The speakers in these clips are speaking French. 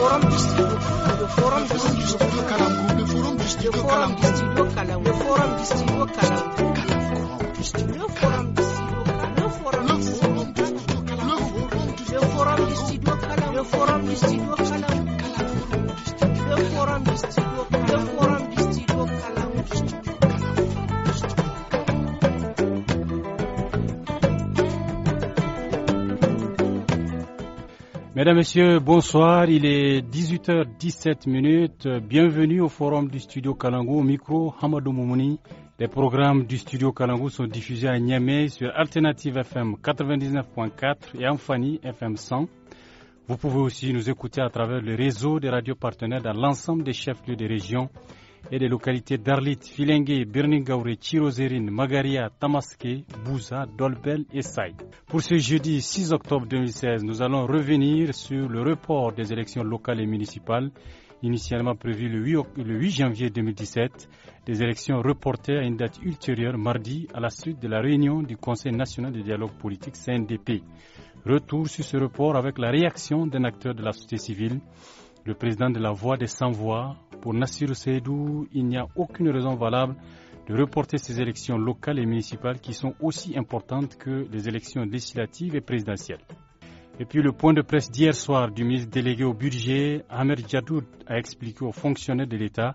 forum district the forum district the forum district the forum district the forum district the forum district the forum district the forum district the forum district the forum district Mesdames, Messieurs, bonsoir. Il est 18h17 minutes. Bienvenue au forum du studio Kalango. Au micro, Hamadou Moumouni. Les programmes du studio Kalango sont diffusés à Niamey sur Alternative FM 99.4 et Amphani FM 100. Vous pouvez aussi nous écouter à travers le réseau des radios partenaires dans l'ensemble des chefs-lieux des régions et des localités d'Arlit, Filengue, Birningaure, Chirozérine, Magaria, Tamaské, Bouza, Dolbel et Saïd. Pour ce jeudi 6 octobre 2016, nous allons revenir sur le report des élections locales et municipales initialement prévues le 8, le 8 janvier 2017, des élections reportées à une date ultérieure mardi à la suite de la réunion du Conseil national de dialogue politique CNDP. Retour sur ce report avec la réaction d'un acteur de la société civile le président de la Voix des Sans-Voix, pour Nassir Seydou, il n'y a aucune raison valable de reporter ces élections locales et municipales qui sont aussi importantes que les élections législatives et présidentielles. Et puis le point de presse d'hier soir du ministre délégué au budget, Ahmed Jadoud, a expliqué aux fonctionnaires de l'État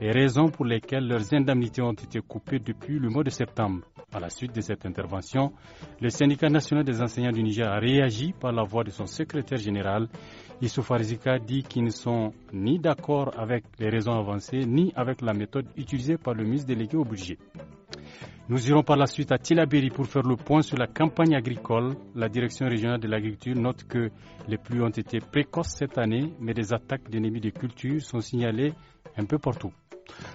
les raisons pour lesquelles leurs indemnités ont été coupées depuis le mois de septembre. À la suite de cette intervention, le syndicat national des enseignants du Niger a réagi par la voix de son secrétaire général Issou Farizika dit qu'ils ne sont ni d'accord avec les raisons avancées ni avec la méthode utilisée par le ministre délégué au budget. Nous irons par la suite à Tilaberi pour faire le point sur la campagne agricole. La direction régionale de l'agriculture note que les pluies ont été précoces cette année, mais des attaques d'ennemis des cultures sont signalées un peu partout.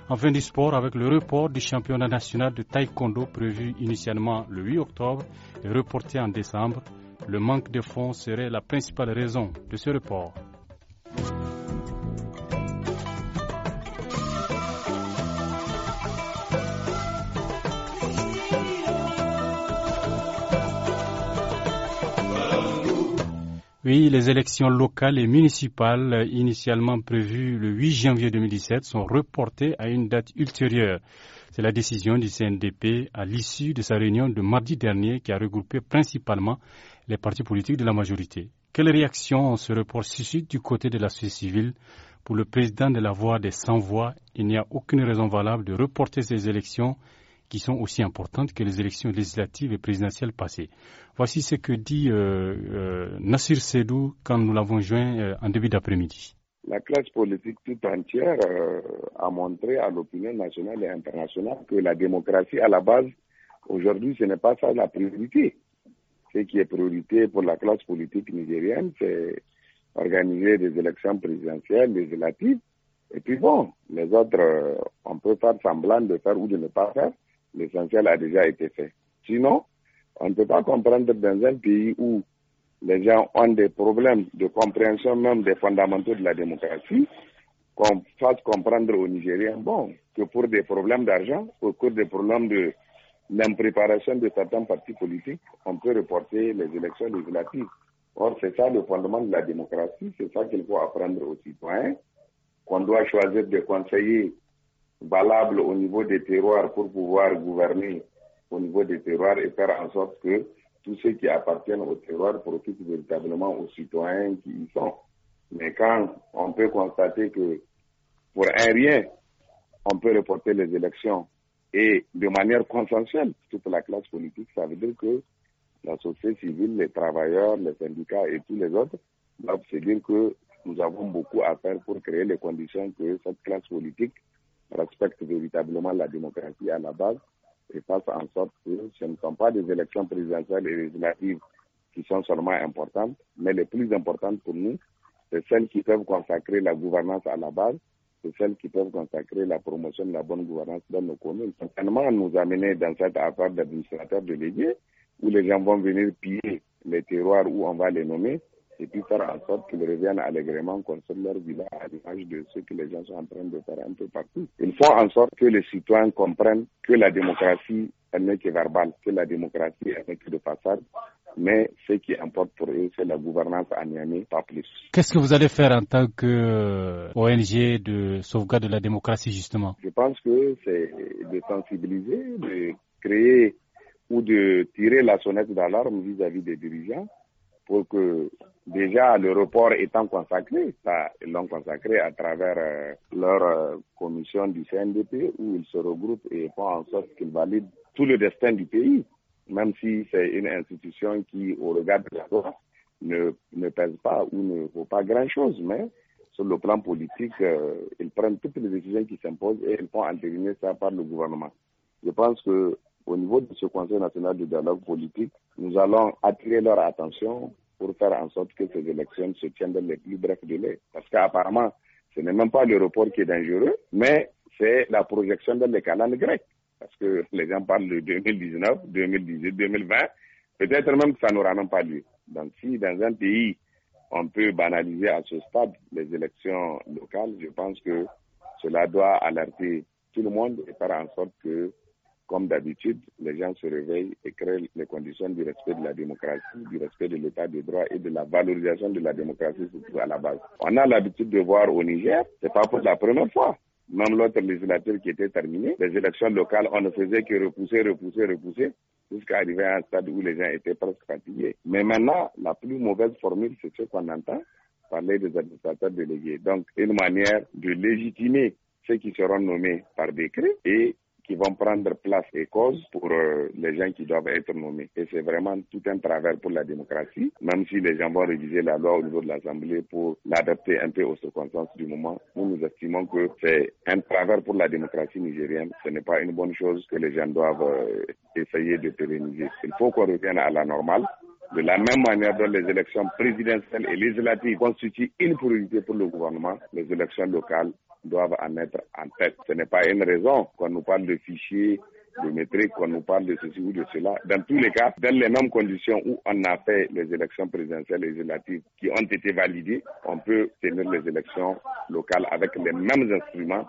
En fin du sport, avec le report du championnat national de taekwondo prévu initialement le 8 octobre et reporté en décembre, le manque de fonds serait la principale raison de ce report. Oui, les élections locales et municipales initialement prévues le 8 janvier 2017 sont reportées à une date ultérieure. C'est la décision du CNDP à l'issue de sa réunion de mardi dernier qui a regroupé principalement les partis politiques de la majorité. Quelle réaction se report il du côté de la société civile Pour le président de la voix des 100 voix il n'y a aucune raison valable de reporter ces élections qui sont aussi importantes que les élections législatives et présidentielles passées. Voici ce que dit euh, euh Nassir Sedou quand nous l'avons joint euh, en début d'après-midi. La classe politique tout entière euh, a montré à l'opinion nationale et internationale que la démocratie à la base, aujourd'hui, ce n'est pas ça la priorité ce qui est priorité pour la classe politique nigérienne, c'est organiser des élections présidentielles, législatives. Et puis bon, les autres, euh, on peut faire semblant de faire ou de ne pas faire. L'essentiel a déjà été fait. Sinon, on ne peut pas comprendre dans un pays où les gens ont des problèmes de compréhension même des fondamentaux de la démocratie, qu'on fasse comprendre aux Nigériens, bon, que pour des problèmes d'argent, au pour des problèmes de l'impréparation de certains partis politiques, on peut reporter les élections législatives. Or, c'est ça le fondement de la démocratie, c'est ça qu'il faut apprendre aux citoyens, qu'on doit choisir des conseillers valables au niveau des terroirs pour pouvoir gouverner au niveau des terroirs et faire en sorte que tous ceux qui appartiennent au terroir profitent véritablement aux citoyens qui y sont. Mais quand on peut constater que pour un rien, on peut reporter les élections et de manière consensuelle toute la classe politique. Ça veut dire que la société civile, les travailleurs, les syndicats et tous les autres doivent se dire que nous avons beaucoup à faire pour créer les conditions que cette classe politique respecte véritablement la démocratie à la base et fasse en sorte que ce ne sont pas des élections présidentielles et législatives qui sont seulement importantes, mais les plus importantes pour nous, c'est celles qui peuvent consacrer la gouvernance à la base celles qui peuvent consacrer la promotion de la bonne gouvernance dans nos communes. Certainement, nous amener dans cette affaire d'administrateurs délégués où les gens vont venir piller les terroirs où on va les nommer et puis faire en sorte qu'ils reviennent allègrement construire leur village à l'image de ce que les gens sont en train de faire un peu partout. Il faut en sorte que les citoyens comprennent que la démocratie un n'est que verbale, que la démocratie un que de passage, Mais ce qui importe pour eux, c'est la gouvernance à Niamey, pas plus. Qu'est-ce que vous allez faire en tant que euh, ONG de sauvegarde de la démocratie, justement Je pense que c'est de sensibiliser, de créer ou de tirer la sonnette d'alarme vis-à-vis des dirigeants pour que déjà le report étant consacré, ça, ils l'ont consacré à travers euh, leur euh, commission du CNDP où ils se regroupent et font en sorte qu'ils valident tout le destin du pays, même si c'est une institution qui, au regard de la loi, ne, ne pèse pas ou ne vaut pas grand-chose, mais sur le plan politique, euh, ils prennent toutes les décisions qui s'imposent et ils font entériner ça par le gouvernement. Je pense que au niveau de ce Conseil national du dialogue politique, nous allons attirer leur attention pour faire en sorte que ces élections se tiennent dans les plus brefs délais. Parce qu'apparemment, ce n'est même pas le report qui est dangereux, mais c'est la projection dans les canaux grecs. Parce que les gens parlent de 2019, 2018, 2020. Peut-être même que ça n'aura même pas lieu. Donc si dans un pays, on peut banaliser à ce stade les élections locales, je pense que cela doit alerter tout le monde et faire en sorte que comme d'habitude, les gens se réveillent et créent les conditions du respect de la démocratie, du respect de l'état de droit et de la valorisation de la démocratie, surtout à la base. On a l'habitude de voir au Niger, c'est pas pour la première fois même l'autre législature qui était terminée, les élections locales, on ne faisait que repousser, repousser, repousser, jusqu'à arriver à un stade où les gens étaient presque fatigués. Mais maintenant, la plus mauvaise formule, c'est ce qu'on entend parler des administrateurs délégués. Donc, une manière de légitimer ceux qui seront nommés par décret et qui vont prendre place et cause pour euh, les gens qui doivent être nommés. Et c'est vraiment tout un travers pour la démocratie, même si les gens vont réviser la loi au niveau de l'Assemblée pour l'adapter un peu aux circonstances du moment. Nous, nous estimons que c'est un travers pour la démocratie nigérienne. Ce n'est pas une bonne chose que les gens doivent euh, essayer de pérenniser. Il faut qu'on revienne à la normale. De la même manière dont les élections présidentielles et législatives constituent une priorité pour le gouvernement, les élections locales doivent en être en tête. Ce n'est pas une raison qu'on nous parle de fichiers, de métriques, qu'on nous parle de ceci ou de cela. Dans tous les cas, dans les mêmes conditions où on a fait les élections présidentielles et législatives qui ont été validées, on peut tenir les élections locales avec les mêmes instruments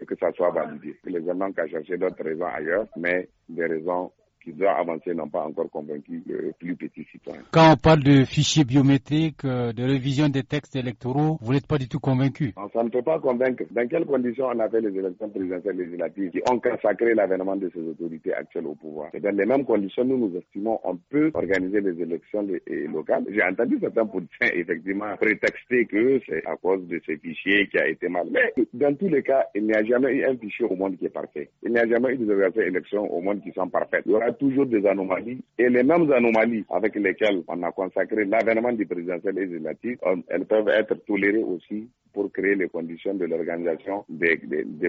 et que ça soit validé. Les gens n'ont qu'à chercher d'autres raisons ailleurs, mais des raisons qui doit avancer n'ont pas encore convaincu le plus petit citoyen. Quand on parle de fichiers biométriques, euh, de révision des textes électoraux, vous n'êtes pas du tout convaincu On ne peut pas convaincre. Dans quelles conditions on a fait les élections présidentielles législatives qui ont consacré l'avènement de ces autorités actuelles au pouvoir Et Dans les mêmes conditions, nous nous estimons on peut organiser les élections locales. J'ai entendu certains politiciens effectivement prétexter que c'est à cause de ces fichiers qui a été mal. Mais dans tous les cas, il n'y a jamais eu un fichier au monde qui est parfait. Il n'y a jamais eu des élections au monde qui sont parfaites toujours des anomalies et les mêmes anomalies avec lesquelles on a consacré l'avènement du présidentiel législatif, euh, elles peuvent être tolérées aussi pour créer les conditions de l'organisation des,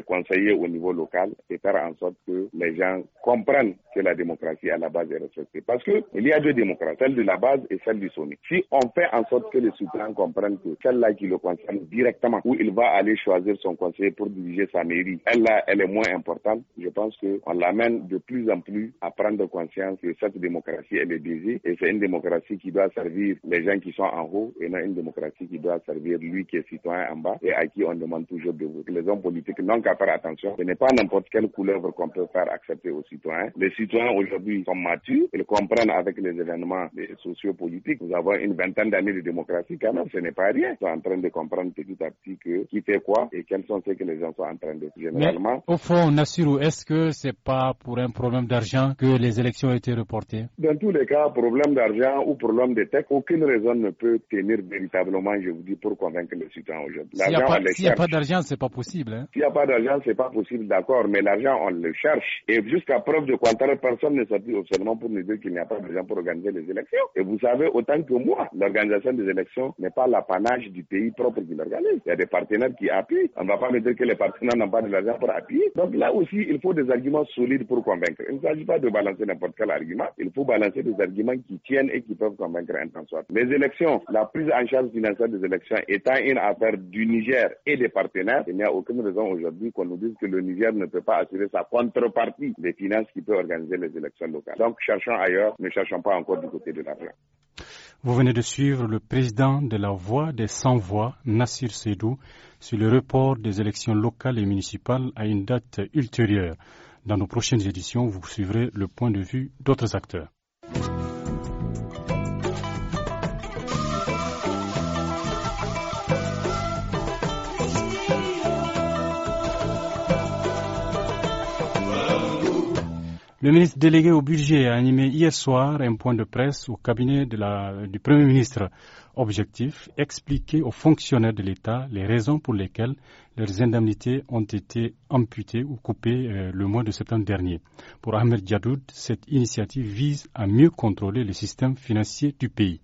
conseillers au niveau local et faire en sorte que les gens comprennent que la démocratie à la base est respectée. Parce qu'il y a deux démocraties, celle de la base et celle du sommet. Si on fait en sorte que les soutiens comprennent que celle-là qui le concerne directement, où il va aller choisir son conseiller pour diriger sa mairie, elle-là, elle est moins importante. Je pense qu'on l'amène de plus en plus à prendre conscience que cette démocratie, elle est désirée et c'est une démocratie qui doit servir les gens qui sont en haut et non une démocratie qui doit servir lui qui est citoyen bas et à qui on demande toujours de vous. Les hommes politiques n'ont qu'à faire attention. Ce n'est pas n'importe quelle couleur qu'on peut faire accepter aux citoyens. Les citoyens aujourd'hui sont matures, ils comprennent avec les événements sociopolitiques. Nous avons une vingtaine d'années de démocratie quand même, ce n'est pas rien. Ils sont en train de comprendre petit à petit qui fait quoi et quels sont ceux que les gens sont en train de généralement. au fond, Nassirou, est-ce que c'est pas pour un problème d'argent que les élections ont été reportées Dans tous les cas, problème d'argent ou problème de tech, aucune raison ne peut tenir véritablement, je vous dis, pour convaincre les citoyens aujourd'hui. S'il n'y a pas d'argent, c'est pas possible. Hein. S'il n'y a pas d'argent, c'est pas possible, d'accord, mais l'argent, on le cherche. Et jusqu'à preuve de contraire, personne ne s'appuie dit seulement pour nous dire qu'il n'y a pas d'argent pour organiser les élections. Et vous savez, autant que moi, l'organisation des élections n'est pas l'apanage du pays propre qui l'organise. Il y a des partenaires qui appuient. On ne va pas me dire que les partenaires n'ont pas de l'argent pour appuyer. Donc là aussi, il faut des arguments solides pour convaincre. Il ne s'agit pas de balancer n'importe quel argument. Il faut balancer des arguments qui tiennent et qui peuvent convaincre un temps soit. Les élections, la prise en charge financière des élections étant une affaire du Niger et des partenaires, il n'y a aucune raison aujourd'hui qu'on nous dise que le Niger ne peut pas assurer sa contrepartie des finances qui peut organiser les élections locales. Donc cherchons ailleurs, ne cherchons pas encore du côté de l'argent. Vous venez de suivre le président de la Voix des 100 voix Nassir Sedou, sur le report des élections locales et municipales à une date ultérieure. Dans nos prochaines éditions, vous suivrez le point de vue d'autres acteurs. Le ministre délégué au budget a animé hier soir un point de presse au cabinet de la, du Premier ministre. Objectif, expliquer aux fonctionnaires de l'État les raisons pour lesquelles leurs indemnités ont été amputées ou coupées euh, le mois de septembre dernier. Pour Ahmed Djadoud, cette initiative vise à mieux contrôler le système financier du pays.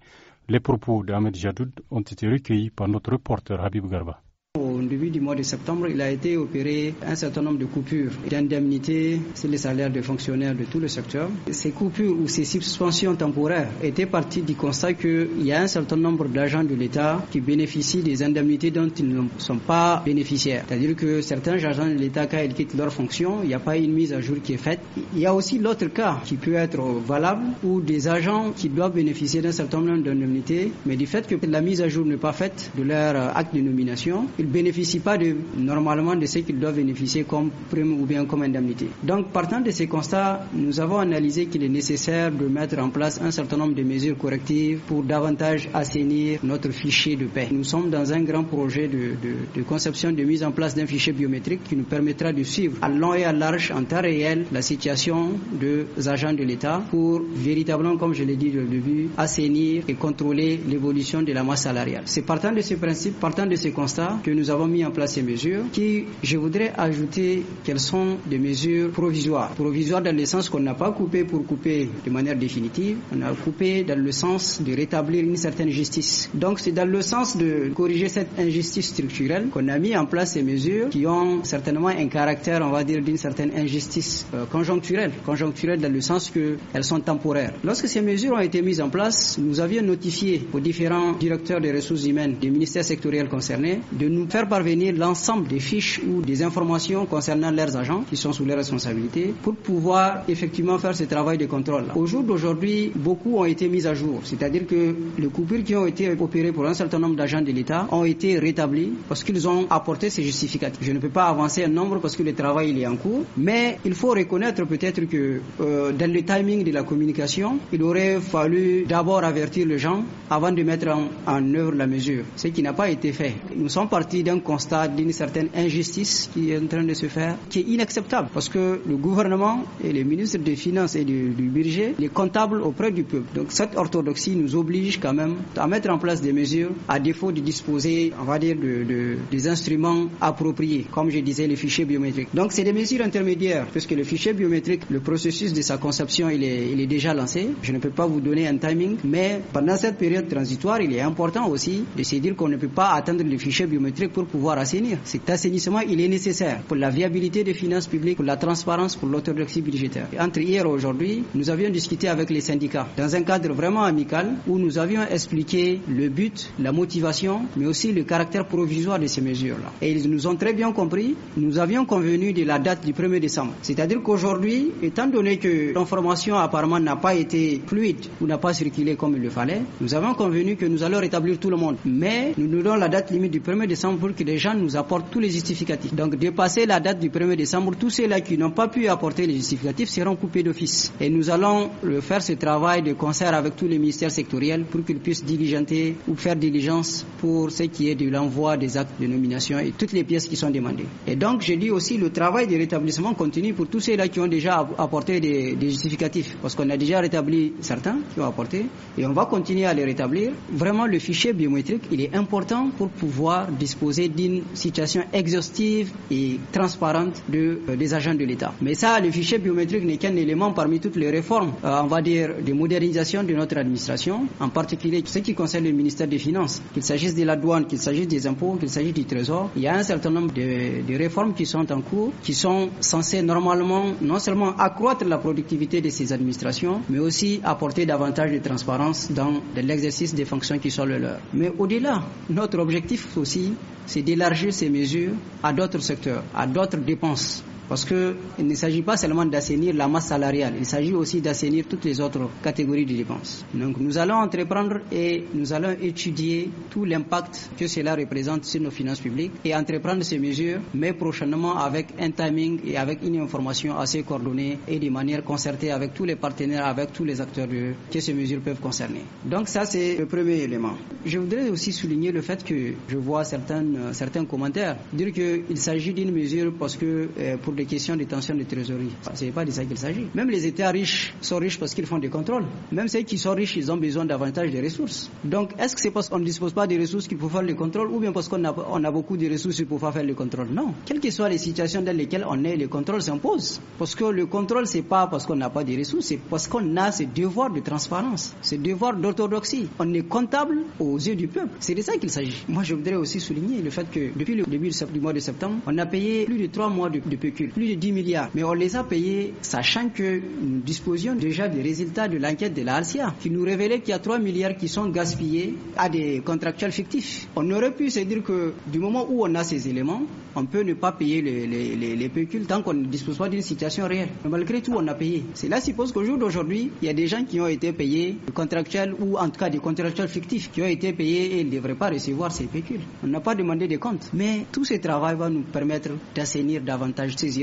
Les propos d'Ahmed Jadoud ont été recueillis par notre reporter Habib Garba. Au début du mois de septembre, il a été opéré un certain nombre de coupures d'indemnités sur les salaires des fonctionnaires de tout le secteur. Ces coupures ou ces suspensions temporaires étaient parties du constat qu'il y a un certain nombre d'agents de l'État qui bénéficient des indemnités dont ils ne sont pas bénéficiaires. C'est-à-dire que certains agents de l'État, quand ils quittent leur fonction, il n'y a pas une mise à jour qui est faite. Il y a aussi l'autre cas qui peut être valable où des agents qui doivent bénéficier d'un certain nombre d'indemnités, mais du fait que la mise à jour n'est pas faite de leur acte de nomination, bénéficient pas de, normalement de ce qu'ils doivent bénéficier comme prime ou bien comme indemnité. Donc, partant de ces constats, nous avons analysé qu'il est nécessaire de mettre en place un certain nombre de mesures correctives pour davantage assainir notre fichier de paix. Nous sommes dans un grand projet de, conception, de mise en place d'un fichier biométrique qui nous permettra de suivre à long et à large, en temps réel, la situation des agents de l'État pour véritablement, comme je l'ai dit au début, assainir et contrôler l'évolution de la masse salariale. C'est partant de ce principe, partant de ces constats que nous avons mis en place ces mesures qui, je voudrais ajouter qu'elles sont des mesures provisoires. Provisoires dans le sens qu'on n'a pas coupé pour couper de manière définitive, on a coupé dans le sens de rétablir une certaine justice. Donc c'est dans le sens de corriger cette injustice structurelle qu'on a mis en place ces mesures qui ont certainement un caractère, on va dire, d'une certaine injustice euh, conjoncturelle. Conjoncturelle dans le sens qu'elles sont temporaires. Lorsque ces mesures ont été mises en place, nous avions notifié aux différents directeurs des ressources humaines des ministères sectoriels concernés de nous faire parvenir l'ensemble des fiches ou des informations concernant leurs agents qui sont sous leur responsabilité pour pouvoir effectivement faire ce travail de contrôle. Au jour d'aujourd'hui, beaucoup ont été mis à jour, c'est-à-dire que les coupures qui ont été opérées pour un certain nombre d'agents de l'État ont été rétablies parce qu'ils ont apporté ces justificatifs. Je ne peux pas avancer un nombre parce que le travail il est en cours, mais il faut reconnaître peut-être que euh, dans le timing de la communication, il aurait fallu d'abord avertir les gens avant de mettre en, en œuvre la mesure, ce qui n'a pas été fait. Nous sommes partis constate d'un constat d'une certaine injustice qui est en train de se faire, qui est inacceptable. Parce que le gouvernement et les ministres des Finances et du, budget, les comptables auprès du peuple. Donc cette orthodoxie nous oblige quand même à mettre en place des mesures à défaut de disposer, on va dire, de, des instruments appropriés, comme je disais, les fichiers biométriques. Donc c'est des mesures intermédiaires, puisque le fichier biométrique, le processus de sa conception, il est, il est déjà lancé. Je ne peux pas vous donner un timing, mais pendant cette période transitoire, il est important aussi de se dire qu'on ne peut pas attendre le fichier biométrique Très pour pouvoir assainir. Cet assainissement, il est nécessaire pour la viabilité des finances publiques, pour la transparence, pour l'orthodoxie budgétaire. Entre hier et aujourd'hui, nous avions discuté avec les syndicats dans un cadre vraiment amical où nous avions expliqué le but, la motivation, mais aussi le caractère provisoire de ces mesures-là. Et ils nous ont très bien compris. Nous avions convenu de la date du 1er décembre. C'est-à-dire qu'aujourd'hui, étant donné que l'information apparemment n'a pas été fluide ou n'a pas circulé comme il le fallait, nous avons convenu que nous allons rétablir tout le monde. Mais nous nous donnons la date limite du 1er décembre pour que les gens nous apportent tous les justificatifs. Donc, dépasser la date du 1er décembre, tous ceux-là qui n'ont pas pu apporter les justificatifs seront coupés d'office. Et nous allons faire ce travail de concert avec tous les ministères sectoriels pour qu'ils puissent diligenter ou faire diligence pour ce qui est de l'envoi des actes de nomination et toutes les pièces qui sont demandées. Et donc, je dis aussi le travail de rétablissement continue pour tous ceux-là qui ont déjà apporté des, justificatifs, parce qu'on a déjà rétabli certains qui ont apporté, et on va continuer à les rétablir. Vraiment, le fichier biométrique, il est important pour pouvoir disposer poser d'une situation exhaustive et transparente de, euh, des agents de l'État. Mais ça, le fichier biométrique n'est qu'un élément parmi toutes les réformes, euh, on va dire, de modernisation de notre administration, en particulier ce qui concerne le ministère des Finances, qu'il s'agisse de la douane, qu'il s'agisse des impôts, qu'il s'agisse du trésor. Il y a un certain nombre de, de réformes qui sont en cours, qui sont censées normalement non seulement accroître la productivité de ces administrations, mais aussi apporter davantage de transparence dans l'exercice des fonctions qui sont le leur. Mais au-delà, notre objectif aussi, c'est d'élargir ces mesures à d'autres secteurs, à d'autres dépenses parce qu'il ne s'agit pas seulement d'assainir la masse salariale, il s'agit aussi d'assainir toutes les autres catégories de dépenses. Donc nous allons entreprendre et nous allons étudier tout l'impact que cela représente sur nos finances publiques et entreprendre ces mesures, mais prochainement avec un timing et avec une information assez coordonnée et de manière concertée avec tous les partenaires, avec tous les acteurs que ces mesures peuvent concerner. Donc ça, c'est le premier élément. Je voudrais aussi souligner le fait que je vois certains, euh, certains commentaires dire qu'il s'agit d'une mesure parce que euh, pour des questions de tension de trésorerie. C'est pas de ça qu'il s'agit. Même les États riches sont riches parce qu'ils font des contrôles. Même ceux qui sont riches, ils ont besoin davantage de ressources. Donc, est-ce que c'est parce qu'on ne dispose pas des ressources qu'il faut faire le contrôle, ou bien parce qu'on a, on a beaucoup de ressources pour faire le contrôle Non. Quelles que soient les situations dans lesquelles on est, le contrôle s'impose. Parce que le contrôle, c'est pas parce qu'on n'a pas de ressources, c'est parce qu'on a ce devoir de transparence, ce devoir d'orthodoxie. On est comptable aux yeux du peuple. C'est de ça qu'il s'agit. Moi, je voudrais aussi souligner le fait que depuis le début du mois de septembre, on a payé plus de trois mois de, de PQ plus de 10 milliards. Mais on les a payés sachant que nous disposions déjà des résultats de l'enquête de la qui nous révélait qu'il y a 3 milliards qui sont gaspillés à des contractuels fictifs. On aurait pu se dire que du moment où on a ces éléments, on peut ne pas payer les, les, tant qu'on ne dispose pas d'une situation réelle. Mais malgré tout, on a payé. Cela suppose qu'au jour d'aujourd'hui, il y a des gens qui ont été payés, des contractuels ou en tout cas des contractuels fictifs, qui ont été payés et ne devraient pas recevoir ces pécules On n'a pas demandé des comptes. Mais tout ce travail va nous permettre d'assainir davantage ces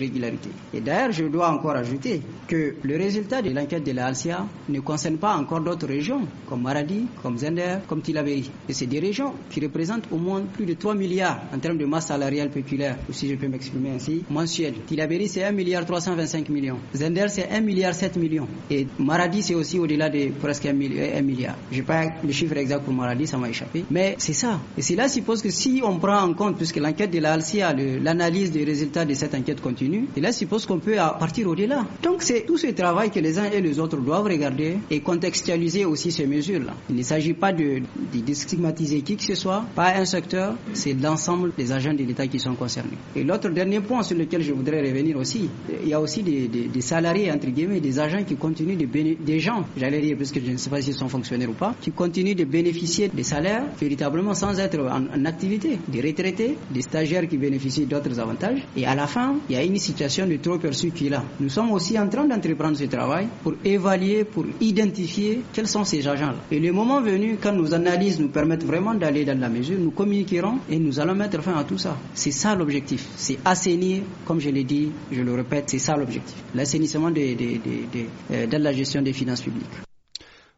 et d'ailleurs, je dois encore ajouter que le résultat de l'enquête de la l'ALSIA ne concerne pas encore d'autres régions comme Maradi, comme Zender, comme Tilaberi. Et c'est des régions qui représentent au moins plus de 3 milliards en termes de masse salariale populaire, ou si je peux m'exprimer ainsi, mensuelle. Tilaberi, c'est 1 milliard 325 millions. Zender, c'est 1 milliard 7 millions. Et Maradi, c'est aussi au-delà de presque 1 milliard. Je n'ai pas le chiffre exact pour Maradi, ça m'a échappé. Mais c'est ça. Et cela suppose que si on prend en compte, puisque l'enquête de l'ALSIA, l'analyse des résultats de cette enquête continue, et là, suppose qu'on peut partir au-delà. Donc, c'est tout ce travail que les uns et les autres doivent regarder et contextualiser aussi ces mesures-là. Il ne s'agit pas de, de, stigmatiser qui que ce soit, pas un secteur, c'est l'ensemble des agents de l'État qui sont concernés. Et l'autre dernier point sur lequel je voudrais revenir aussi, il y a aussi des, des, salariés, entre guillemets, des agents qui continuent de bénéficier, des gens, j'allais dire, parce que je ne sais pas s'ils sont fonctionnaires ou pas, qui continuent de bénéficier des salaires véritablement sans être en, en activité, des retraités, des stagiaires qui bénéficient d'autres avantages. Et à la fin, il y a une situation de trop perçu qu'il a. Nous sommes aussi en train d'entreprendre ce travail pour évaluer, pour identifier quels sont ces agents-là. Et le moment venu, quand nos analyses nous permettent vraiment d'aller dans la mesure, nous communiquerons et nous allons mettre fin à tout ça. C'est ça l'objectif. C'est assainir, comme je l'ai dit, je le répète, c'est ça l'objectif. L'assainissement des, de euh, la gestion des finances publiques.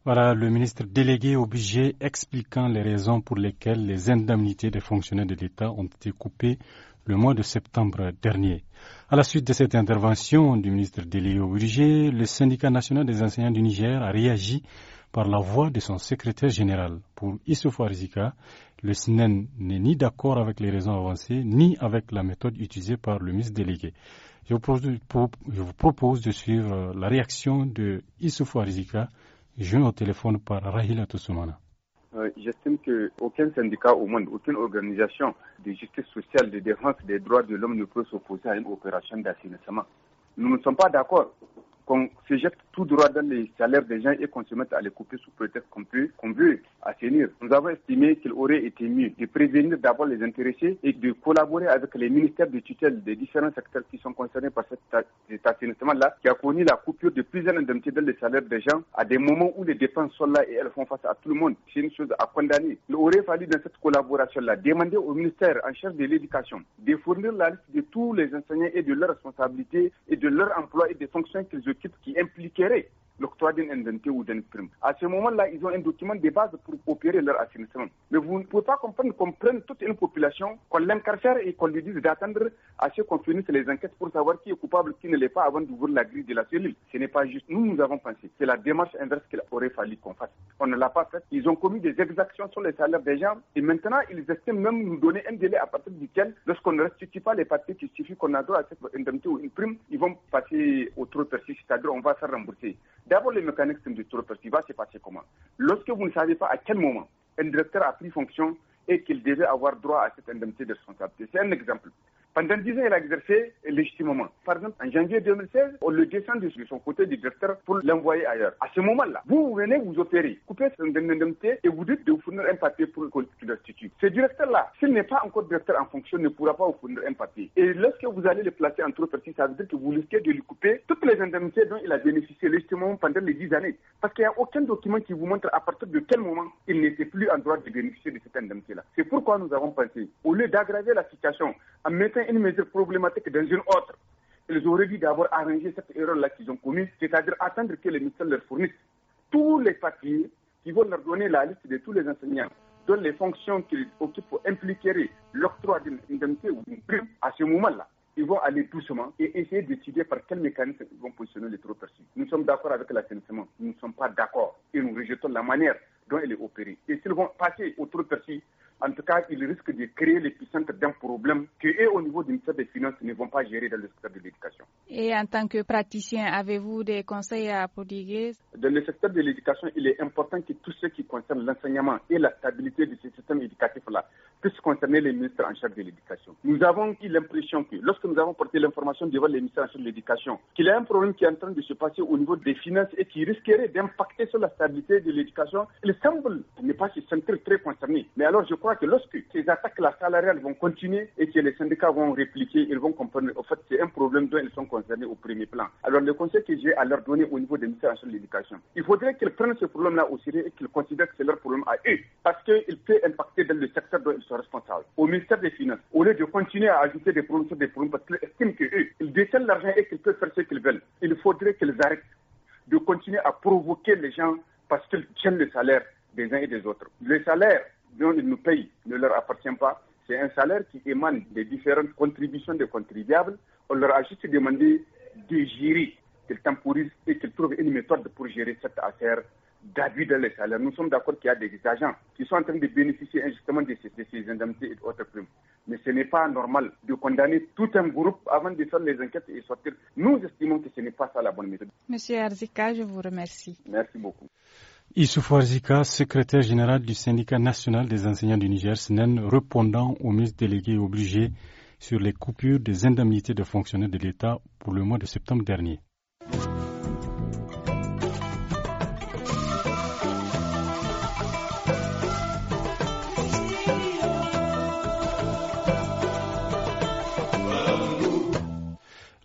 Voilà le ministre délégué au budget expliquant les raisons pour lesquelles les indemnités des fonctionnaires de l'État ont été coupées le mois de septembre dernier. À la suite de cette intervention du ministre délégué Obligé, le syndicat national des enseignants du Niger a réagi par la voix de son secrétaire général. Pour Issoufou Arizika, le SNEN e n'est ni d'accord avec les raisons avancées, ni avec la méthode utilisée par le ministre délégué. Je vous propose de suivre la réaction de Issoufou Rizika, jeune au téléphone par Rahila Toussoumana. Euh, j'estime qu'aucun syndicat au monde, aucune organisation de justice sociale, de défense des droits de l'homme ne peut s'opposer à une opération d'assainissement. Nous ne sommes pas d'accord qu'on se jette tout droit dans les salaires des gens et qu'on se mette à les couper sous prétexte qu'on peut, qu'on veut assainir. Nous avons estimé qu'il aurait été mieux de prévenir d'abord les intéressés et de collaborer avec les ministères de tutelle des différents secteurs qui sont concernés par cet, assainissement-là, qui a connu la coupure de plusieurs indemnités dans les salaires des gens à des moments où les dépenses sont là et elles font face à tout le monde. C'est une chose à condamner. Il aurait fallu dans cette collaboration-là demander au ministère en charge de l'éducation de fournir la liste de tous les enseignants et de leurs responsabilités et de leur emploi et des fonctions qu'ils ont qui impliquerait l'octroi d'une indemnité ou d'une prime. À ce moment-là, ils ont un document de base pour opérer leur assainissement. Mais vous ne pouvez pas comprendre qu'on prenne toute une population, qu'on l'incarcère et qu'on lui dise d'attendre à ce qu'on finisse les enquêtes pour savoir qui est coupable, qui ne l'est pas avant d'ouvrir la grille de la cellule. Ce n'est pas juste. Nous, nous avons pensé. C'est la démarche inverse qu'il aurait fallu qu'on fasse. On ne l'a pas fait. Ils ont commis des exactions sur les salaires des gens et maintenant, ils estiment même nous donner un délai à partir duquel, lorsqu'on ne restitue pas les parties qui suffit qu'on a droit à cette indemnité ou une prime, ils vont passer au trop c'est-à-dire on va faire rembourser. D'abord, les mécanismes de parce qu'il va se passer comment Lorsque vous ne savez pas à quel moment un directeur a pris fonction et qu'il devait avoir droit à cette indemnité de responsabilité, c'est un exemple. Pendant 10 ans, il a exercé légitimement. Par exemple, en janvier 2016, on le descend de son côté du directeur pour l'envoyer ailleurs. À ce moment-là, vous venez vous opérer, couper son indemnité et vous dites de vous fournir un papier pour le de Ce directeur-là, s'il n'est pas encore directeur en fonction, ne pourra pas vous fournir un papier. Et lorsque vous allez le placer entre trop petit, ça veut dire que vous risquez de lui couper toutes les indemnités dont il a bénéficié légitimement pendant les 10 années. Parce qu'il n'y a aucun document qui vous montre à partir de quel moment il n'était plus en droit de bénéficier de cette indemnité-là. C'est pourquoi nous avons pensé, au lieu d'aggraver la situation en mettant une mesure problématique dans une autre, ils auraient dû d'abord arranger cette erreur-là qu'ils ont commise, c'est-à-dire attendre que les ministères leur fournissent tous les papiers qui vont leur donner la liste de tous les enseignants dont les fonctions qu'ils occupent pour impliquer l'octroi d'une indemnité ou d'une prime à ce moment-là. Ils vont aller doucement et essayer de décider par quel mécanisme ils vont positionner les trop perçus. Nous sommes d'accord avec l'assainissement, nous ne sommes pas d'accord et nous rejetons la manière dont elle est opérée. Et s'ils vont passer aux trop perçus, en tout cas, ils risquent de créer l'épicentre d'un problème que, eux, au niveau du ministère des Finances, ne vont pas gérer dans le secteur de l'éducation. Et en tant que praticien, avez-vous des conseils à prodiguer Dans le secteur de l'éducation, il est important que tout ce qui concerne l'enseignement et la stabilité de ce système éducatif-là concerner les ministres en charge de l'éducation. Nous avons eu l'impression que lorsque nous avons porté l'information devant les ministres en charge de l'éducation, qu'il y a un problème qui est en train de se passer au niveau des finances et qui risquerait d'impacter sur la stabilité de l'éducation, il semble ne pas se sentir très concerné. Mais alors je crois que lorsque ces attaques salariales vont continuer et que les syndicats vont répliquer, ils vont comprendre, en fait, c'est un problème dont ils sont concernés au premier plan. Alors le conseil que j'ai à leur donner au niveau des ministères de l'éducation, il faudrait qu'ils prennent ce problème-là au sérieux et qu'ils considèrent que c'est leur problème à eux, parce qu'il peut impacter dans le secteur dont ils sont responsable. Au ministère des Finances, au lieu de continuer à ajouter des problèmes sur des problèmes parce qu'ils estiment qu'eux, ils détiennent l'argent et qu'ils peuvent faire ce qu'ils veulent, il faudrait qu'ils arrêtent de continuer à provoquer les gens parce qu'ils tiennent le salaire des uns et des autres. Le salaire dont ils nous payent ne leur appartient pas. C'est un salaire qui émane des différentes contributions des contribuables. On leur a juste demandé de gérer, qu'ils temporisent et qu'ils trouvent une méthode pour gérer cette affaire David de l'État. Nous sommes d'accord qu'il y a des agents qui sont en train de bénéficier injustement de ces, indemnités et autres primes. Mais ce n'est pas normal de condamner tout un groupe avant de faire les enquêtes et sortir. Nous estimons que ce n'est pas ça la bonne méthode. Monsieur Arzika, je vous remercie. Merci beaucoup. Issouf Arzika, secrétaire général du syndicat national des enseignants du Niger, SNEN, répondant au ministre délégué obligé sur les coupures des indemnités de fonctionnaires de l'État pour le mois de septembre dernier.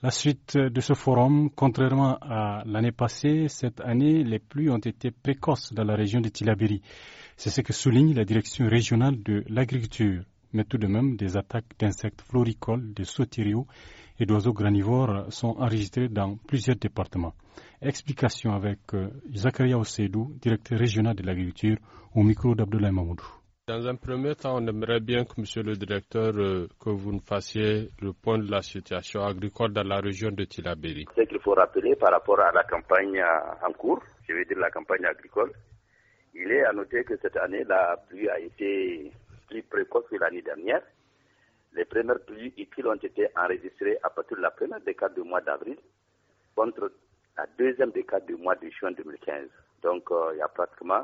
La suite de ce forum, contrairement à l'année passée, cette année, les pluies ont été précoces dans la région de Tilabiri. C'est ce que souligne la direction régionale de l'agriculture. Mais tout de même, des attaques d'insectes floricoles, de sauteriaux et d'oiseaux granivores sont enregistrées dans plusieurs départements. Explication avec euh, Zakaria Oseidou, directeur régional de l'agriculture, au micro d'Abdoulaye Mamoudou. Dans un premier temps, on aimerait bien que, monsieur le directeur, euh, que vous nous fassiez le point de la situation agricole dans la région de Tilabéry. Ce qu'il faut rappeler par rapport à la campagne euh, en cours, je veux dire la campagne agricole, il est à noter que cette année, la pluie a été plus précoce que l'année dernière. Les premières pluies utiles ont été enregistrées à partir de la première décade du mois d'avril contre la deuxième décade du mois de juin 2015. Donc, euh, il y a pratiquement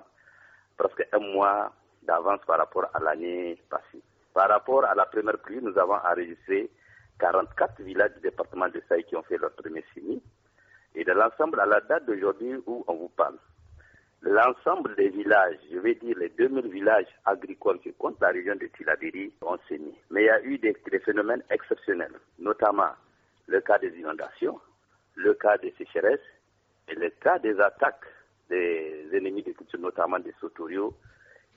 presque un mois d'avance par rapport à l'année passée. Par rapport à la première pluie, nous avons enregistré 44 villages du département de Saï qui ont fait leur premier semis. Et de l'ensemble, à la date d'aujourd'hui où on vous parle, l'ensemble des villages, je vais dire les 2000 villages agricoles qui comptent la région de Tilabiri, ont semis. Mais il y a eu des, phénomènes exceptionnels, notamment le cas des inondations, le cas des sécheresses et le cas des attaques des ennemis de culture, notamment des sautoriaux,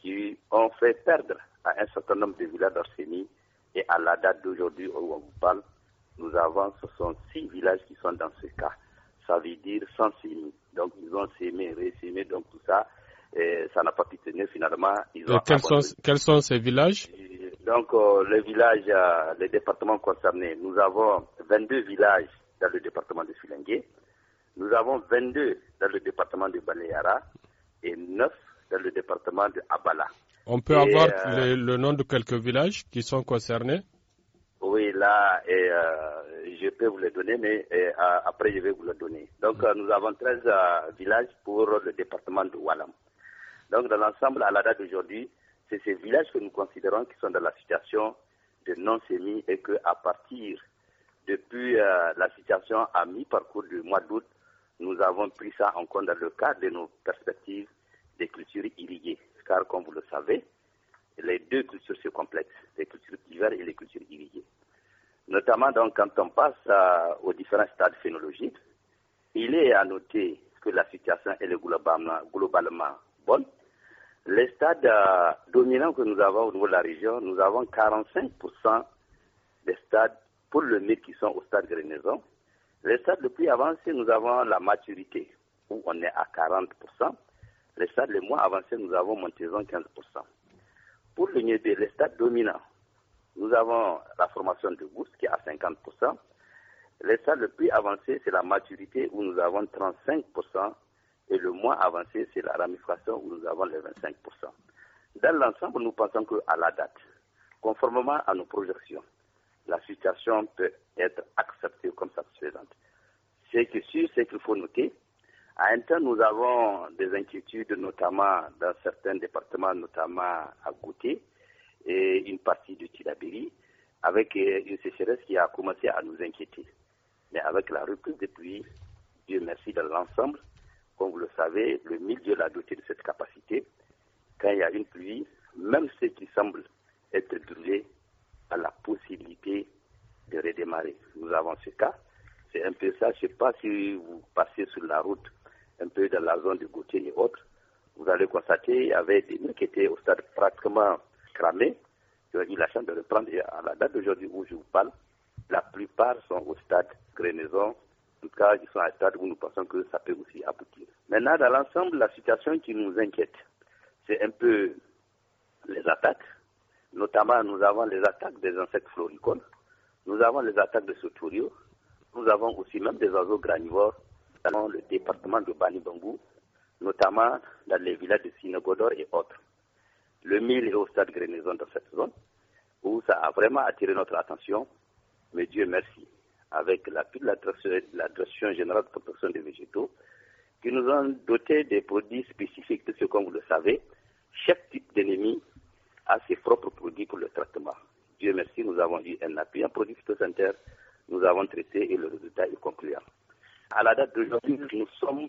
qui ont fait perdre à un certain nombre de villages d'Orsini. Et à la date d'aujourd'hui, où on vous parle, nous avons, 66 villages qui sont dans ce cas. Ça veut dire sans semis. Donc, ils ont sémé, ressémé, donc tout ça, et ça n'a pas pu tenir finalement. Ils ont quels, sont, quels, sont, ces villages Donc, les euh, le village, euh, les départements concernés, nous avons 22 villages dans le département de Filingué. Nous avons 22 dans le département de Baleyara et 9 dans le département de Abala. On peut avoir euh, le, nom de quelques villages qui sont concernés Oui, là, et, euh, je peux vous le donner, mais euh, après je vais vous le donner. Donc nous avons 13 villages pour le département de Walam. Donc dans l'ensemble, à la date d'aujourd'hui, c'est ces villages que nous considérons qui sont dans la situation de non semi et à partir depuis la situation à mi-parcours du mois d'août, nous avons pris ça en compte dans le cadre de nos perspectives des cultures irriguées. Car, comme vous le savez, les deux cultures se complètent, les cultures diverses et les cultures irriguées. Notamment, donc, quand on passe aux différents stades phénologiques, il est à noter que la situation est globalement, globalement bonne. Les stades euh, dominants que nous avons au niveau de la région, nous avons 45% des stades pour le mythe qui sont au stade de Les stades le plus avancés, nous avons la maturité, où on est à 40%. Les stades les moins avancés, nous avons monté 15%. Pour l'unité, e les stades dominants, nous avons la formation de bourse qui est à 50%. Les stades les plus avancé, c'est la maturité où nous avons 35%. Et le moins avancé, c'est la ramification où nous avons les 25%. Dans l'ensemble, nous pensons qu'à la date, conformément à nos projections, la situation peut être acceptée comme satisfaisante. Ce qui est sûr, c'est qu'il faut noter à un temps, nous avons des inquiétudes, notamment dans certains départements, notamment à Gouté et une partie du Tilabiri, avec euh, une sécheresse qui a commencé à nous inquiéter. Mais avec la reprise des pluies, Dieu merci dans l'ensemble, comme vous le savez, le milieu l'a doté de cette capacité. Quand il y a une pluie, même ceux qui semblent être doués à la possibilité de redémarrer. Nous avons ce cas. C'est un peu ça. Je ne sais pas si vous passez sur la route dans la zone de Gauthier et autres, vous allez constater qu'il y avait des murs qui étaient au stade pratiquement cramé. qui ont eu la chance de le Et à la date d'aujourd'hui où je vous parle, la plupart sont au stade Grenaison. En tout cas, ils sont à un stade où nous pensons que ça peut aussi aboutir. Maintenant, dans l'ensemble, la situation qui nous inquiète, c'est un peu les attaques. Notamment, nous avons les attaques des insectes floricoles, nous avons les attaques de sauturios, nous avons aussi même des oiseaux granivores dans le département de Bani Bangou, notamment dans les villages de Sinagodor et autres. Le mil est au stade Grenaison dans cette zone, où ça a vraiment attiré notre attention, mais Dieu merci, avec l'appui de la, Direction générale de protection des végétaux, qui nous ont doté des produits spécifiques, de ce comme vous le savez, chaque type d'ennemi a ses propres produits pour le traitement. Dieu merci, nous avons eu un appui un produit phytosanitaire, nous avons traité et le résultat est concluant. À la date d'aujourd'hui, nous sommes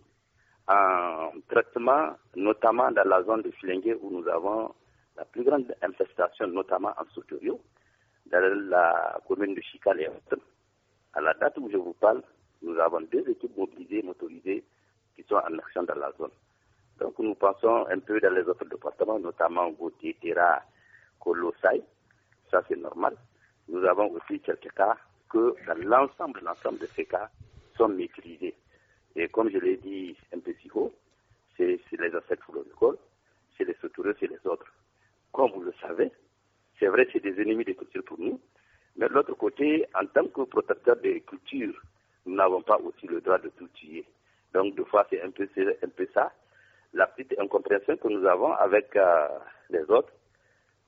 en traitement, notamment dans la zone de Filingué où nous avons la plus grande infestation, notamment en Soturio, dans la commune de Chicale. À la date où je vous parle, nous avons deux équipes mobilisées, motorisées, qui sont en action dans la zone. Donc nous pensons un peu dans les autres départements, notamment Gauthier, Terra, Colossai. Ça, c'est normal. Nous avons aussi quelques cas que dans l'ensemble, l'ensemble de ces cas, sont maîtrisés. Et comme je l'ai dit un peu si haut, c'est les ancêtres floricoles, c'est les sauterelles, c'est les autres. Comme vous le savez, c'est vrai, c'est des ennemis des cultures pour nous, mais de l'autre côté, en tant que protecteur des cultures, nous n'avons pas aussi le droit de tout tuer. Donc, des fois, c'est un peu, un peu ça. La petite incompréhension que nous avons avec euh, les autres,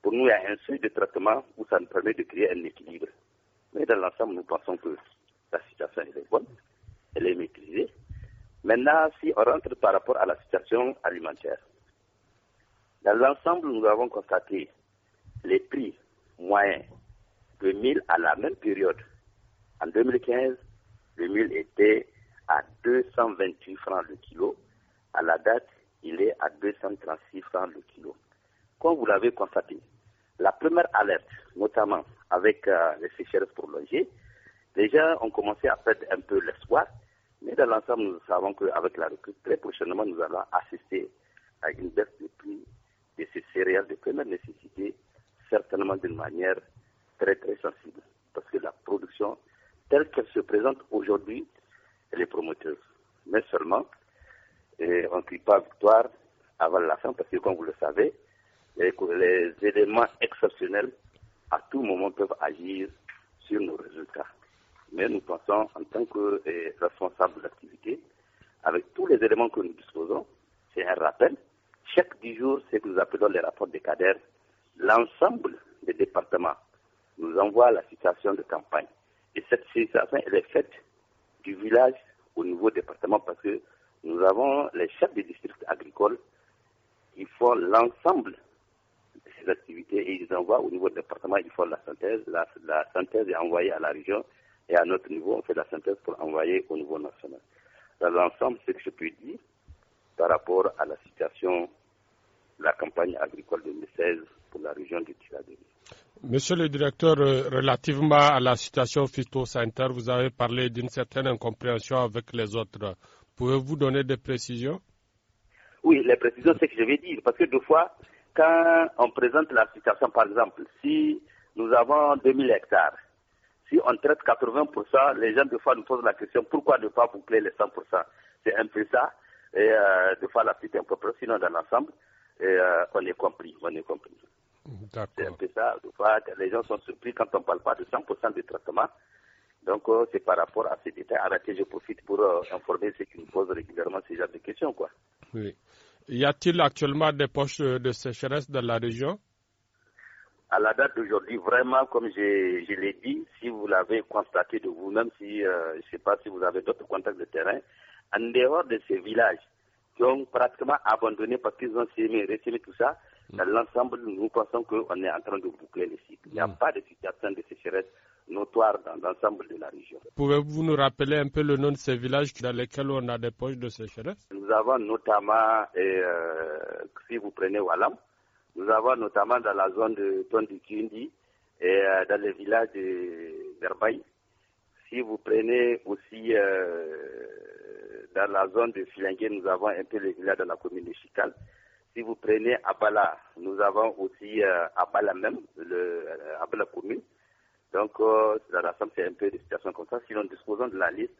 pour nous, il y a un seuil de traitement où ça nous permet de créer un équilibre. Mais dans l'ensemble, nous pensons que la situation est bonne elle est maîtrisée. Maintenant, si on rentre par rapport à la situation alimentaire, dans l'ensemble, nous avons constaté les prix moyens de 1000 à la même période. En 2015, le 1000 était à 228 francs le kilo. À la date, il est à 236 francs le kilo. Comme vous l'avez constaté, la première alerte, notamment avec euh, les sécheresses prolongées, Déjà, on commençait à perdre un peu l'espoir, mais dans l'ensemble, nous savons qu'avec la recrute, très prochainement, nous allons assister à une baisse des prix de ces céréales de première nécessité, certainement d'une manière très, très sensible. Parce que la production, telle qu'elle se présente aujourd'hui, elle est prometteuse. Mais seulement, et on ne crie pas victoire avant la fin, parce que comme vous le savez, les éléments exceptionnels à tout moment peuvent agir sur nos résultats. Mais nous pensons, en tant que eh, responsable d'activité, avec tous les éléments que nous disposons, c'est un rappel. Chaque 10 jours, ce que nous appelons les rapports des cadres, l'ensemble des départements nous envoie la situation de campagne. Et cette situation, elle est faite du village au niveau département parce que nous avons les chefs des districts agricoles qui font l'ensemble de ces activités et ils envoient au niveau département, ils font la synthèse. la synthèse est envoyée à la région et à notre niveau, on fait la synthèse pour envoyer au niveau national. Dans l'ensemble, ce que je peux dire par rapport à la situation de la campagne agricole 2016 pour la région du Tiradéri. Monsieur le directeur, euh, relativement à la situation phytosanitaire, vous avez parlé d'une certaine incompréhension avec les autres. Pouvez-vous donner des précisions Oui, les précisions, c'est ce que je vais dire. Parce que deux fois, quand on présente la situation, par exemple, si nous avons 2000 hectares si on traite 80%, les gens, des fois, nous posent la question pourquoi ne pas boucler les 100% C'est un peu ça. Et euh, de fois, la petite un peu plus. sinon, dans l'ensemble, euh, on est compris. On est compris. C'est un peu ça. Des fois, les gens sont surpris quand on ne parle pas de 100% de traitement. Donc, euh, c'est par rapport à ces détails. laquelle je profite pour informer ceux qui nous posent régulièrement ces genre de questions. Quoi. Oui. Y a-t-il actuellement des poches de sécheresse dans la région à la date d'aujourd'hui, vraiment, comme je, l'ai dit, si vous l'avez constaté de vous-même, si, euh, je ne sais pas si vous avez d'autres contacts de terrain, en dehors de ces villages qui ont pratiquement abandonné parce qu'ils ont sémé, retiré tout ça, hmm. dans l'ensemble, nous pensons qu'on est en train de boucler le cycle. Il n'y a hmm. pas de situation de sécheresse notoire dans l'ensemble de la région. Pouvez-vous nous rappeler un peu le nom de ces villages dans lesquels on a des poches de sécheresse Nous avons notamment, euh, si vous prenez Wallam, nous avons notamment dans la zone de Kindi et euh, dans le village de Verbaï. Si vous prenez aussi euh, dans la zone de Filingué, nous avons un peu les villages de la commune de Chical. Si vous prenez Abala, nous avons aussi euh, Abala même, le, euh, Abala commune. Donc, euh, dans la c'est un peu des situations comme ça. Si nous disposons de la liste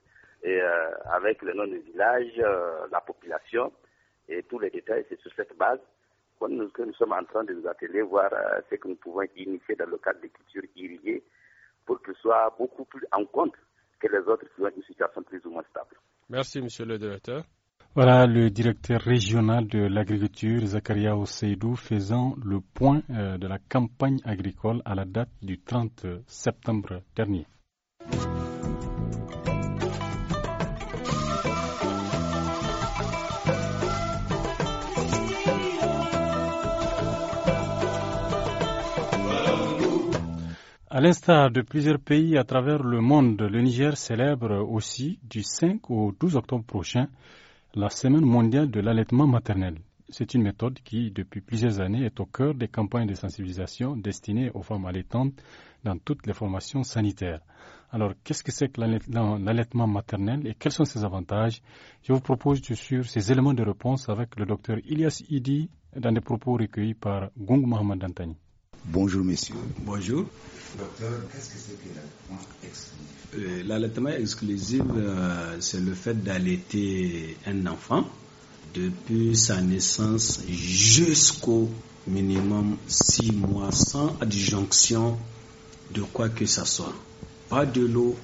et, avec le nom du village, la population et tous les détails, c'est sur cette base nous, sommes en train de nous atteler, voir euh, ce que nous pouvons initier dans le cadre des cultures irriguées pour que ce soit beaucoup plus en compte que les autres qui ont une situation plus ou moins stable. Merci, monsieur le directeur. Voilà le directeur régional de l'agriculture, Zakaria Oseidou, faisant le point euh, de la campagne agricole à la date du 30 septembre dernier. À l'instar de plusieurs pays à travers le monde, le Niger célèbre aussi du 5 au 12 octobre prochain la Semaine mondiale de l'allaitement maternel. C'est une méthode qui, depuis plusieurs années, est au cœur des campagnes de sensibilisation destinées aux femmes allaitantes dans toutes les formations sanitaires. Alors, qu'est-ce que c'est que l'allaitement maternel et quels sont ses avantages Je vous propose de suivre ces éléments de réponse avec le docteur Ilyas Idi dans des propos recueillis par Gung Mohamed Antani. Bonjour, monsieur. Bonjour. Docteur, qu'est-ce que c'est que euh, l'allaitement exclusif L'allaitement euh, exclusif, c'est le fait d'allaiter un enfant depuis sa naissance jusqu'au minimum six mois sans adjonction de quoi que ce soit. Pas de l'eau,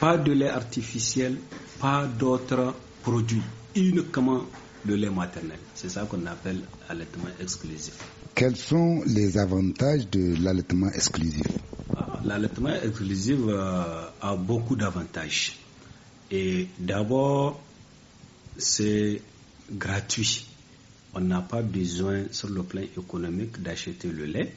pas de lait artificiel, pas d'autres produits, uniquement le lait maternel. C'est ça qu'on appelle allaitement exclusif. Quels sont les avantages de l'allaitement exclusif ah, L'allaitement exclusif euh, a beaucoup d'avantages. Et d'abord, c'est gratuit. On n'a pas besoin, sur le plan économique, d'acheter le lait.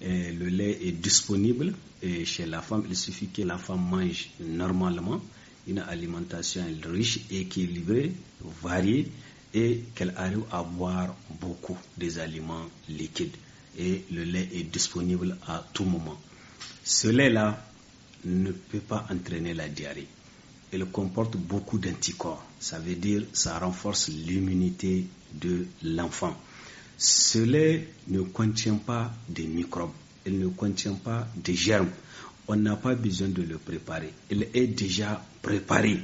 Et le lait est disponible et chez la femme, il suffit que la femme mange normalement une alimentation riche, équilibrée, variée et qu'elle arrive à boire beaucoup des aliments liquides. Et le lait est disponible à tout moment. Ce lait-là ne peut pas entraîner la diarrhée. Il comporte beaucoup d'anticorps. Ça veut dire ça renforce l'immunité de l'enfant. Ce lait ne contient pas de microbes. Il ne contient pas de germes. On n'a pas besoin de le préparer. Il est déjà préparé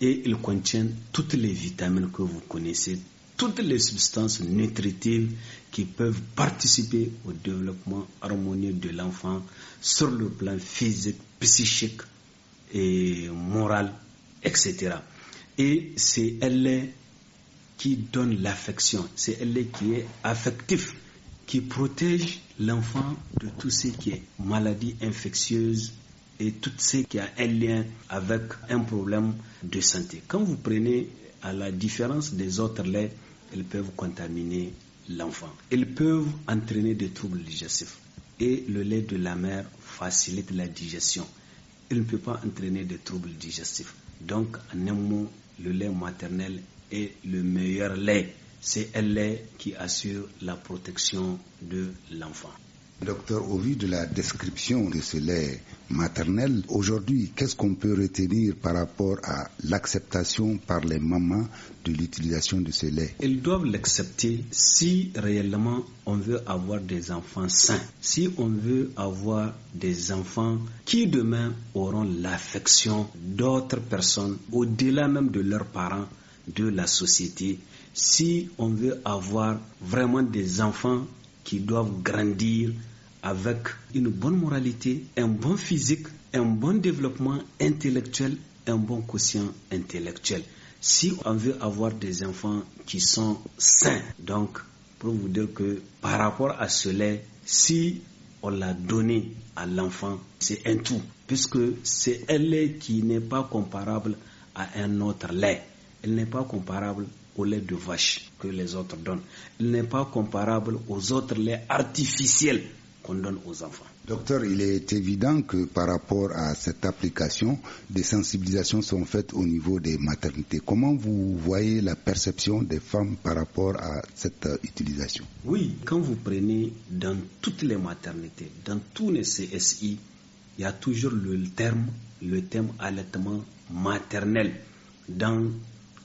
et il contient toutes les vitamines que vous connaissez, toutes les substances nutritives qui peuvent participer au développement harmonieux de l'enfant sur le plan physique, psychique et moral, etc. Et c'est elle qui donne l'affection, c'est elle qui est affective, qui protège l'enfant de tout ce qui est maladie infectieuse, et tout ce qui a un lien avec un problème de santé. Quand vous prenez à la différence des autres laits, ils peuvent contaminer l'enfant. Ils peuvent entraîner des troubles digestifs. Et le lait de la mère facilite la digestion. Il ne peut pas entraîner des troubles digestifs. Donc, en un mot, le lait maternel est le meilleur lait. C'est un lait qui assure la protection de l'enfant. Docteur, au vu de la description de ce lait, maternelle. Aujourd'hui, qu'est-ce qu'on peut retenir par rapport à l'acceptation par les mamans de l'utilisation de ce lait Elles doivent l'accepter si réellement on veut avoir des enfants sains, si on veut avoir des enfants qui demain auront l'affection d'autres personnes au-delà même de leurs parents, de la société, si on veut avoir vraiment des enfants qui doivent grandir avec une bonne moralité, un bon physique, un bon développement intellectuel, un bon quotient intellectuel. Si on veut avoir des enfants qui sont sains, donc pour vous dire que par rapport à ce lait... si on l'a donné à l'enfant, c'est un tout, puisque c'est un lait qui n'est pas comparable à un autre lait. Elle n'est pas comparable au lait de vache que les autres donnent. Elle n'est pas comparable aux autres laits artificiels qu'on donne aux enfants. Docteur, il est évident que par rapport à cette application, des sensibilisations sont faites au niveau des maternités. Comment vous voyez la perception des femmes par rapport à cette euh, utilisation Oui, quand vous prenez dans toutes les maternités, dans tous les CSI, il y a toujours le terme, le thème allaitement maternel dans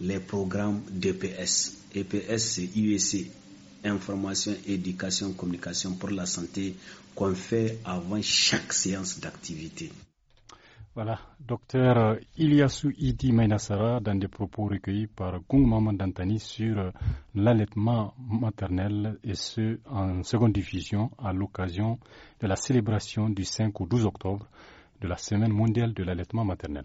les programmes d'EPS. EPS, c'est UEC information, éducation, communication pour la santé qu'on fait avant chaque séance d'activité. Voilà, docteur Ilyasu Idi Maynassara dans des propos recueillis par Gung Maman Dantani sur l'allaitement maternel et ce en seconde diffusion à l'occasion de la célébration du 5 au 12 octobre de la Semaine mondiale de l'allaitement maternel.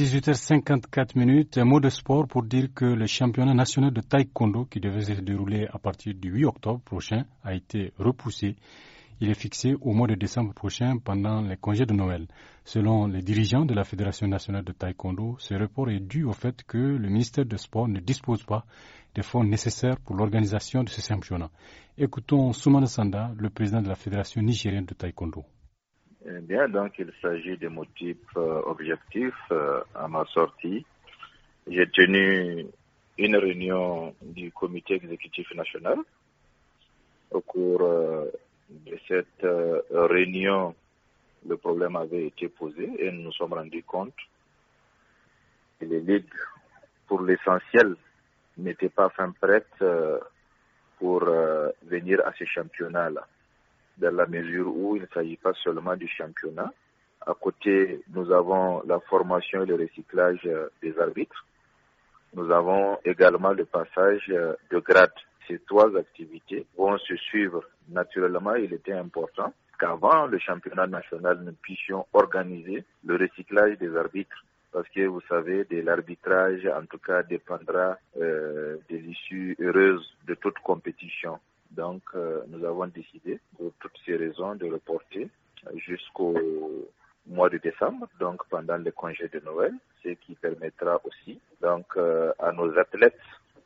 18h54, mot de sport pour dire que le championnat national de taekwondo qui devait se dérouler à partir du 8 octobre prochain a été repoussé. Il est fixé au mois de décembre prochain pendant les congés de Noël. Selon les dirigeants de la Fédération nationale de taekwondo, ce report est dû au fait que le ministère de sport ne dispose pas des fonds nécessaires pour l'organisation de ce championnat. Écoutons Soumana Sanda, le président de la Fédération nigérienne de taekwondo. Eh bien, donc il s'agit de motifs euh, objectifs. Euh, à ma sortie, j'ai tenu une réunion du comité exécutif national. Au cours euh, de cette réunion, le problème avait été posé et nous nous sommes rendus compte que les ligues, pour l'essentiel, n'étaient pas fin prêtes pour venir à ce championnat là dans la mesure où il ne s'agit pas seulement du championnat. À côté, nous avons la formation et le recyclage euh, des arbitres. Nous avons également le passage euh, de grade. Ces trois activités vont se suivre naturellement. Il était important qu'avant le championnat national, nous puissions organiser le recyclage des arbitres parce que vous savez, de l'arbitrage, en tout cas, dépendra euh, des issues heureuses de toute compétition. Donc, euh, nous avons décidé, pour toutes ces raisons, de reporter jusqu'au mois de décembre, donc pendant le congé de Noël, ce qui permettra aussi donc euh, à nos athlètes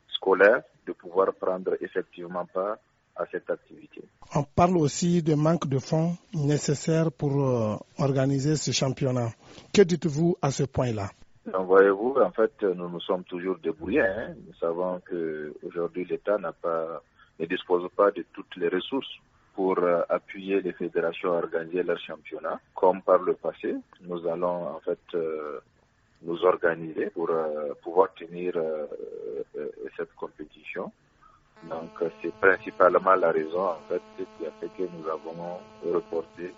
scolaires de pouvoir prendre effectivement part à cette activité. On parle aussi de manque de fonds nécessaires pour euh, organiser ce championnat. Que dites-vous à ce point-là Voyez-vous, en fait, nous nous sommes toujours débrouillés. Hein. Nous savons que l'État n'a pas ne disposent pas de toutes les ressources pour euh, appuyer les fédérations à organiser leur championnat. Comme par le passé, nous allons en fait euh, nous organiser pour euh, pouvoir tenir cette compétition. Donc c'est principalement la raison en fait qui a fait que nous avons reporté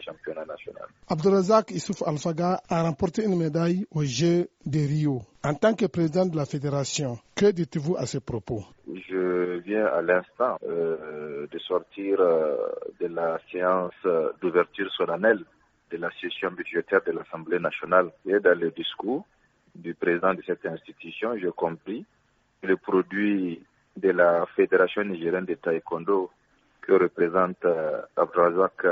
championnat national. national Abdelazak Issouf Alfaga a remporté une médaille aux Jeux de Rio. En tant que président de la fédération, que dites-vous à ce propos Je viens à l'instant euh, de sortir euh, de la séance d'ouverture solennelle de la session budgétaire de l'Assemblée nationale et dans le discours du président de cette institution, j'ai compris que le produit de la Fédération nigérienne de taekwondo que représente euh, Abdelazak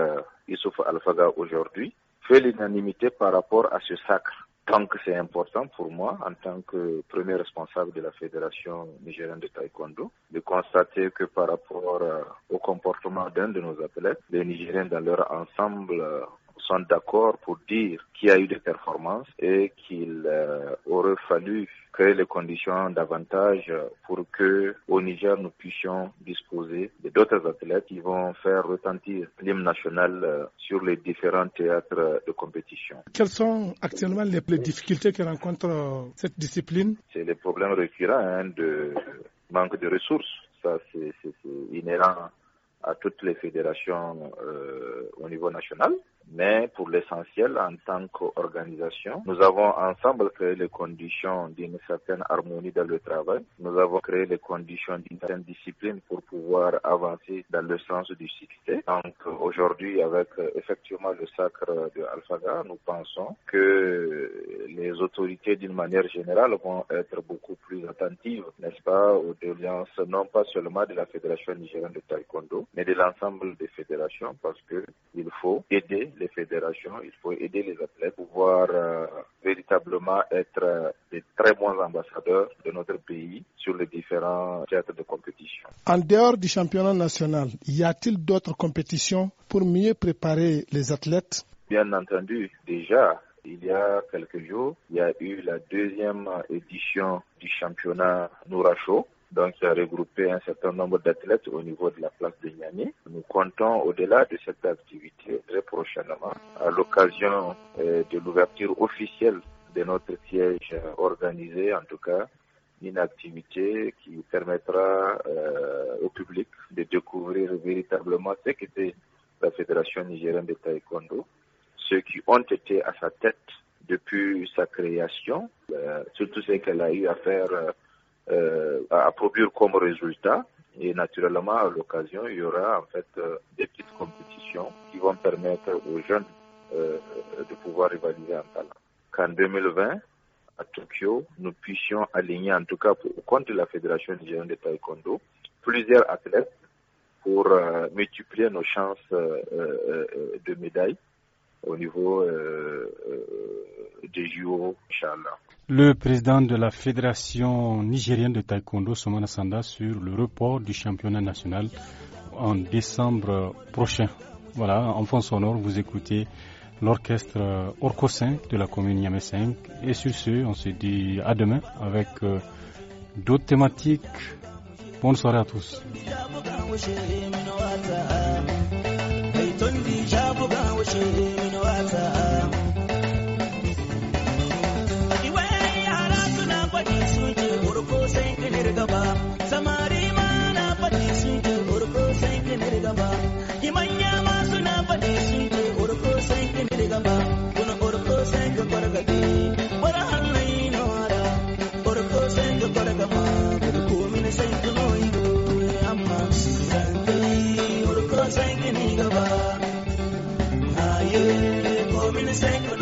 Issouf euh, al aujourd'hui fait l'unanimité par rapport à ce sacre. Tant que c'est important pour moi, en tant que premier responsable de la Fédération nigérienne de taekwondo, de constater que par rapport euh, au comportement d'un de nos athlètes, les Nigériens dans leur ensemble sont d'accord pour dire qu'il y a eu des performances et qu'il euh, aurait fallu créer les conditions davantage pour que au Niger nous puissions disposer d'autres athlètes qui vont faire retentir l'hymne national euh, sur les différents théâtres de compétition. Quelles sont actuellement les, plus difficultés que rencontre euh, cette discipline C'est les problèmes récurrents hein, de manque de ressources. Ça, c'est inhérent à toutes les fédérations euh, au niveau national, mais pour l'essentiel, en tant qu'organisation, nous avons ensemble créé les conditions d'une certaine harmonie dans le travail. Nous avons créé les conditions d'une certaine discipline pour pouvoir avancer dans le sens du succès. Donc aujourd'hui, avec euh, effectivement le sacre de Alphaga, nous pensons que les autorités d'une manière générale vont être beaucoup plus attentives, n'est-ce pas, aux déliances non pas seulement de la Fédération nigérienne de taekwondo, mais de l'ensemble des fédérations parce que il faut aider les fédérations, il faut aider les athlètes pour pouvoir euh, véritablement être euh, des très bons ambassadeurs de notre pays sur les différents théâtres de compétition. En dehors du championnat national, y a-t-il d'autres compétitions pour mieux préparer les athlètes Bien entendu, déjà, il y a quelques jours, il y a eu la deuxième édition du championnat Nouracho donc qui a regroupé un certain nombre d'athlètes au niveau de la place de Niamey. Nous comptons au-delà de cette activité très prochainement, à l'occasion euh, de l'ouverture officielle de notre siège organisé en tout cas, une activité qui permettra euh, au public de découvrir véritablement ce qu'était la Fédération nigérienne de taekwondo, ceux qui ont été à sa tête depuis sa création, euh, surtout ce qu'elle a eu à faire euh, à produire comme résultat. Et naturellement, à l'occasion, il y aura en fait euh, des petites compétitions qui vont permettre aux jeunes euh, de pouvoir rivaliser en talent. Qu'en 2020, à Tokyo, nous puissions aligner, en tout cas contre la Fédération Jeunes de taekwondo, plusieurs athlètes pour multiplier nos chances de médailles au niveau euh, euh, des JO, Inch'Allah. Le président de la Fédération nigérienne de taekwondo, Soumana Sanda, sur le report du championnat national en décembre prochain. Voilà, en fond sonore, vous écoutez l'orchestre euh, Orco 5 de la commune Yamé 5. Et sur ce, on se dit à demain avec d'autres thématiques. Bonne soirée à tous. الساعات the sacred